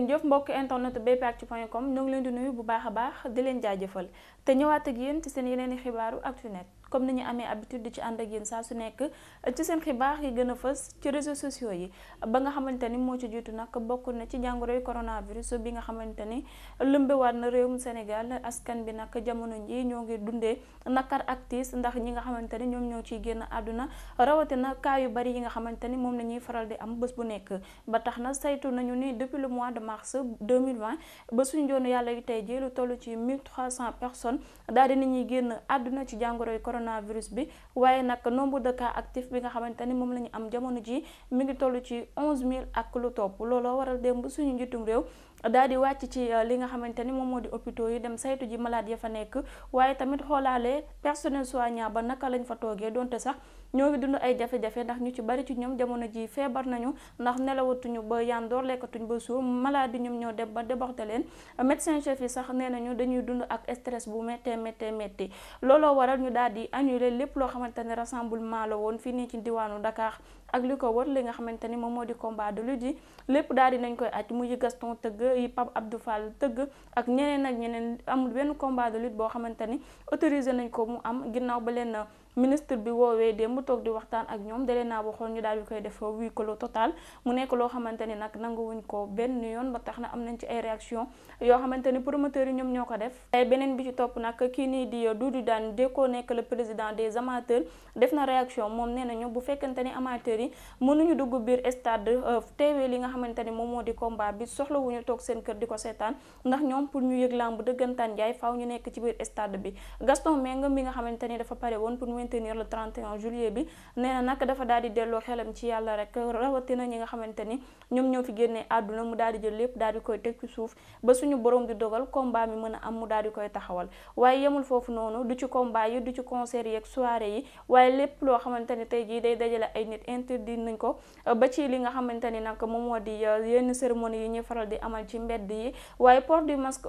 ngeen jëf mbokk internet bpactu.com ñoo ngi leen di nuyu bu baax a baax di leen jaajëfal te ñëwaat ak yéen ci seen yeneen i xibaaru Actunet comme ni ñu amee habitude ci ànd ak yéen saa su nekk ci seen xibaar yi gën a fës ci réseaux sociaux yi ba nga xamante ni moo ci jiitu nag bokk na ci jàngoroy coronavirus bi nga xamante ni lëmbewaat na réewum Sénégal askan bi nag jamono ji ñoo ngi dundee nakar ak tiis ndax ñi nga xamante ni ñoom ñoo ciy génn àdduna rawatina cas yu bari yi nga xamante ni moom la ñuy faral di am bés bu nekk ba tax na saytu nañu ni depuis le mois de mars 2020 ba suñu joonu yàlla tey ji lu ci 1300 personnes daal di coronavirus bi waaye nag nombre de actif bi nga xamante ni moom la ñu am jamono ji mi ngi toll ci 11000 ak lu topp looloo waral démb suñu njiitum réew daal di wàcc ci euh, li nga xamante ni moom moo di hôpitaux yi dem saytu ji malade ya fa nekk waaye tamit xoolaale personnel soignant ba naka lañ fa toogee donte sax ñoo ngi dund ay jafe-jafe ndax ñu ci bari ci ñoom jamono ji feebar nañu ndax nelawatuñu ba yandoor lekkatuñ ba suur malade ñoom ñoo dem ba déborder leen médecin chef yi sax nee nañu dañuy dund ak stress bu méttee méttee métti looloo waral ñu daal di annuler lépp loo xamante ne rassemblement la woon fii nii ci diwaanu Dakar ak li ko war li nga xamante ni moom moo di combat de yi lépp daal di nañ koy aj muy Gaston tëgg yi Pape Abdou Fall tëgg ak ñeneen ak ñeneen amul wenn combat de boo xamante ni autorisé nañ ko mu am ginnaaw ba leen ministre bi woowee démb toog di waxtaan ak ñoom dalee naa waxoon ñu daal di koy def huis clos total mu nekk loo xamante ni nag nanguwuñ ko benn yoon ba tax na am na ci ay réaction yoo xamante ni promoteurs yi ñoom ñoo ko def tey beneen bi ci topp nag kii nii di Doudou Dane Déco nekk le président de amateurs def na réaction moom nee nañu bu fekkante ni amateurs yi mënuñu dugg biir stade euh, teewee li nga xamante ni moom moo di combat bi soxlawuñu toog seen kër di ko seetaan ndax ñoom pour ñu yëg làmb dëggantaan jaay faaw ñu nekk ci biir stade bi maintenir le 31 juillet bi nee na nag dafa daal di delloo xelam ci yàlla rek rawatina ñi nga xamante ni ñoom fi génnee àdduna mu daal di jël lépp daal di koy teg suuf ba suñu borom di dogal combat mi mën a am mu daal di koy taxawal waaye yemul foofu noonu du ci combat yi du ci concert yi ak soirée yi waaye lépp loo xamante tey jii day dajale ay nit interdit nañ ko uh, ba ci li nga xamante ni nag moom moo di uh, yenn cérémonie yi ñuy faral di amal ci mbedd yi waaye port du masque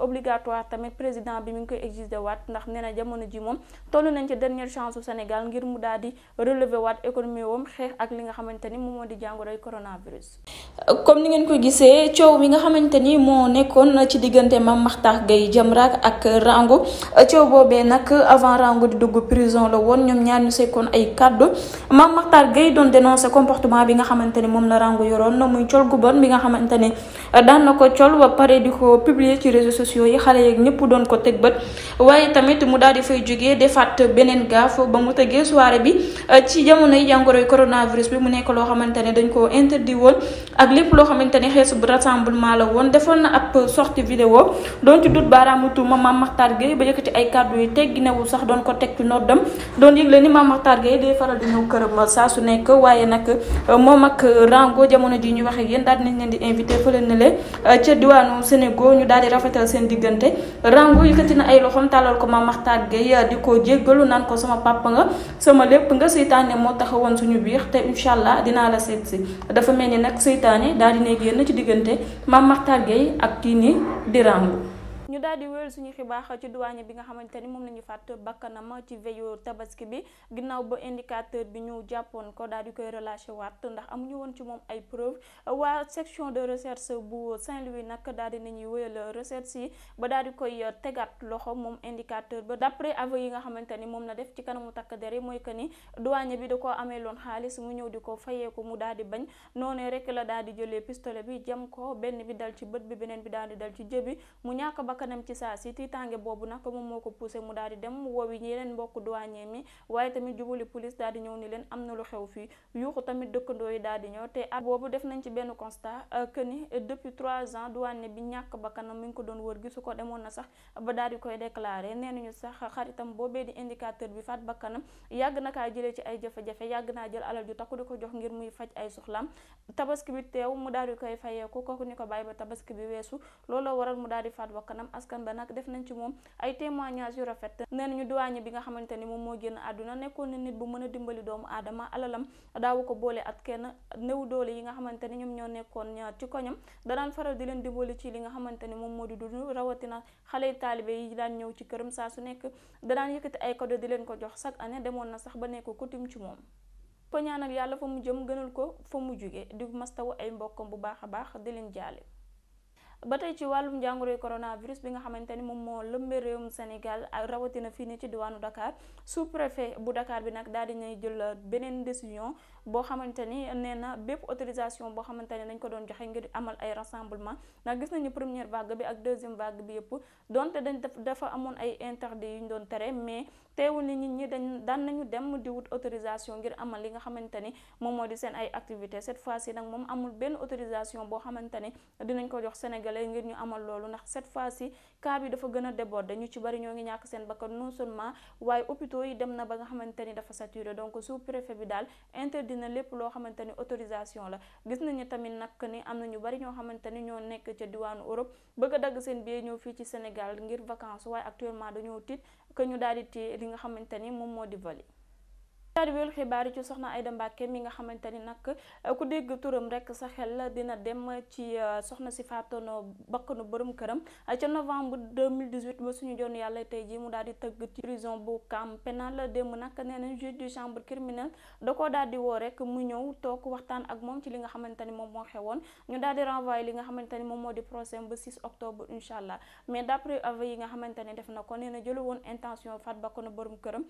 Sénégal ngir mu daal di relever waat économie wam xeex ak li nga xamante ni moom moo di jàngoroy coronavirus. comme ni ngeen ko gisee coow mi nga xamante ni moo nekkoon ci diggante Mame Makhtar Gueye Jamra ak Rango coow boobee nag avant Rango di dugg prison la woon ñoom ñaar ñu sekkoon ay kàddu Mame Makhtar Gueye doon dénoncé comportement bi nga xamante ni moom la Rango yoroon muy col gu bon bi nga xamante ni daan na ko col ba pare di ko publier ci réseaux sociaux yi xale yeeg ñëpp doon ko teg bët waaye tamit mu daal di fay jógee defaat beneen gaaf ba mu tëggee soirée bi euh, ci jamono yi jàngoroy coronavirus bi mu nekk loo xamante dañ koo interdit woon ak lépp loo xamante xeesu bu rassemblement la woon defoon na ab sortie vidéo doon ci dut baaraamu tuuma Mame Makhtar Gueye ba yëkkati ay kàddu yu tegginewul sax doon ko teg ci noddam doon yëgle ni Mame Makhtar Gueye day faral di ñëw këram saa su nekk waaye nag euh, moom ak Rango jamono ji ñu waxee yéen daal nañ leen di invité fële na le euh, ca diwaanu Sénégal ñu daal di rafetal seen diggante Rango yëkkati na ay loxoom tàllal ko Mame Makhtar Gueye di ko jéggalu naan ko sama lépp nga seytaane moo taxawoon suñu biix te incha allah dinaa la seet si dafa mel ni nag seytaane daal ne génn ci diggante Mame Mactar Gueye ak kii nii di rangu ñu daal di wéyal suñu xibaar ci douane bi nga xamante ni moom nañu ñu fàtt bakkanam ci veillu tabaski bi ginnaaw ba indicateur bi ñu jàppoon ko daal di koy relâché waat ndax amuñu woon ci moom ay preuve waa section de recherche bu Saint-Louis nag daal di nañuy wéyal recherche yi ba daal di koy tegaat loxo moom indicateur ba d'après aveux yi nga xamante ni moom na def ci kanamu takk der mooy que ni douane bi da koo amee loon xaalis mu ñëw di ko fayeeku mu daal di bañ noonu rek la daal di jëlee pistolet bi jam ko benn bi dal ci bët bi beneen bi daal di dal ci jëbi bakkanam ci saa si tiitaange boobu nag moom moo ko poussé mu daal di dem woowi yeneen mbokk douanier mi waaye tamit jubali police daal di ñëw ni leen am na lu xew fii yuuxu tamit dëkkandoo yi daal di ñëw te at boobu def nañ ci benn constat euh, que euh, depuis trois ans douanier bi ñàkk bakkanam mi ngi ko doon wër gisu ko demoon na sax ba daal di koy déclaré nee nañu sax xaritam boobee di indicateur bi faat bakkanam yàgg na kaa jëlee ci ay jafe-jafe yàgg naa jël alal ju takku di ko jox ngir muy faj ay soxlam tabaski bi teew mu daal di koy fayeeku kooku ni ko bàyyi ba tabaski bi weesu looloo waral mu daal di askan ba nag def nañ ci moom ay témoignages yu rafet nee ñu douanier bi nga xamante ni moom moo génn adduna nekkoon na nit bu mën a dimbali doomu aadama alalam daawu ko boole at kenn néew doole yi nga xamante ni ñoom ñoo nekkoon ci koñam da daan faral di leen dimbali ci li nga xamante ni moom moo di dund rawatina xale taalibe yi daan ñëw ci këram saa su nekk da daan yëkkati ay cadeau di leen ko jox chaque année demoon na sax ba nekk coutume ci moom ko ñaanal yàlla fa mu jëm gënal ko fa mu jóge di mastawu ay mbokkam bu baax a baax di leen jaale ba tey ci wàllum jàngoroy coronavirus bi nga xamante ni moom moo lëmbe réewum Sénégal rawatina fii nii ci diwaanu Dakar sous préfet bu Dakar bi nag daal di nay jël beneen décision boo xamante ni nee na bépp autorisation boo xamante ni dañ ko doon joxe ngir amal ay rassemblement ndax gis nañu première vague bi ak deuxième vague bi yëpp donte dañ dafa amoon ay interdit yu ñu doon tere mais teewul ni nit ñi dañ daan nañu dem di wut autorisation ngir amal li nga xamante ni moom moo di seen ay activité cette fois yi nag moom amul benn autorisation boo xamante ni dinañ ko jox Sénégal sénégalais ngir ñu amal loolu ndax cette fois ci cas bi dafa gën a déborder ñu ci bari ñoo ngi ñàkk seen bakkan non seulement waaye hôpitaux yi dem na ba nga xamante ni dafa saturé donc sous préfet bi daal interdit na lépp loo xamante ni autorisation la gis nañu tamit nag ni am na ñu bari ñoo xamante ni ñoo nekk ca diwaanu Europe bëgg a dagg seen billet ñëw fii ci Sénégal ngir vacances waaye actuellement dañoo tiit que ñu daal di téye li nga xamante ni moom moo di vali daal di wéyal xibaar yi ci soxna Aida Mbacke mi nga xamante ni nag eh, ku dégg turam rek sa xel dina dem ci eh, soxna si faatoon bakkanu borom këram eh, ca novembre 2018 ba suñu joon yàlla tey ji mu daal di tëgg ci prison bu camp pénal démb nag nee na juge du chambre criminelle da koo daal di woo rek mu ñëw took waxtaan ak moom ci li nga xamante ni moom moo xewoon ñu daal di renvoyé li nga xamante ni moom moo di procès ba 6 octobre incha allah mais d'après avis yi nga xamante ne def na ko nee na jëlu woon intention faat bakkanu borom këram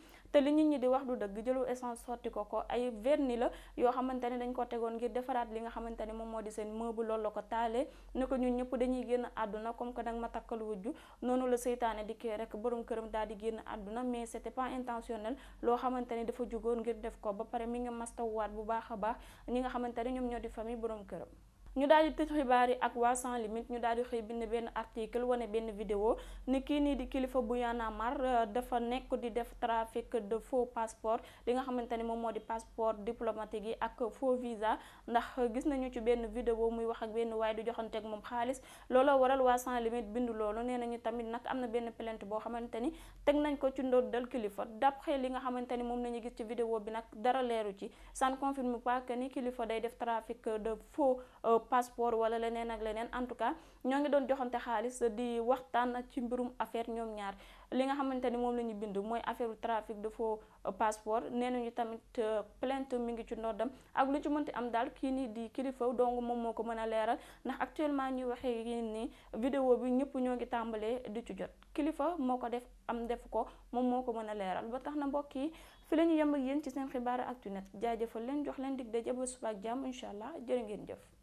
récent sotti ko ko ay vernis la yoo xamante ne dañ ko tegoon ngir defaraat li nga xamante ne moom moo di seen meuble lool la ko taalee ne ko ñun ñëpp dañuy génn àdduna comme ko nag ma takkal wujju noonu la seytaane di dikkee rek borom këram daal di génn àdduna mais c'était pas intentionnel loo xamante ne dafa jugoon ngir def ko ba pare mi nga mastawuwaat bu baax a baax ñi nga xamante ne ñoom ñoo di famille borom këram ñu daal di tëj xibaar yi ak waa sans limite ñu daal di xëy bind benn article wane benn vidéo ni kii nii di kilifa bu Y'en euh, dafa nekk di def trafic de faux passeport li nga xamante ni moom moo di passeport diplomatique yi ak faux visa ndax gis nañu ci benn vidéo muy wax ak benn waaye du joxante ak moom xaalis looloo waral waa sans limite bindu loolu nee nañu tamit nag am na benn plainte boo xamante ni teg nañ ko ci ndoor dal kilifa d'après li nga xamante ni moom nañu gis ci vidéo bi nag dara leeru ci ça ne ni kilifa day def trafic de faux euh, passeport wala leneen ak leneen en tout cas ñoo ngi doon joxante xaalis di waxtaan ci mbirum affaire ñoom ñaar li nga xamante ni moom la ñu bind mooy affaire trafic de faux passeport nee nañu tamit euh, plainte mi ngi ci noddam ak lu ci mënti am daal kii nii di kilifa donc moom moo ko mën a leeral ndax actuellement ñuy waxee yéen ni vidéo bi ñëpp ñoo ngi tàmbalee di ci jot kilifa moo ko def am def ko moom moo ko mën a leeral ba tax na mbokk yi fi la ñu yem ak yéen ci seen xibaar Actu Net jox leen dig daje ba suba ak jàmm incha allah jërë ngeen jëf.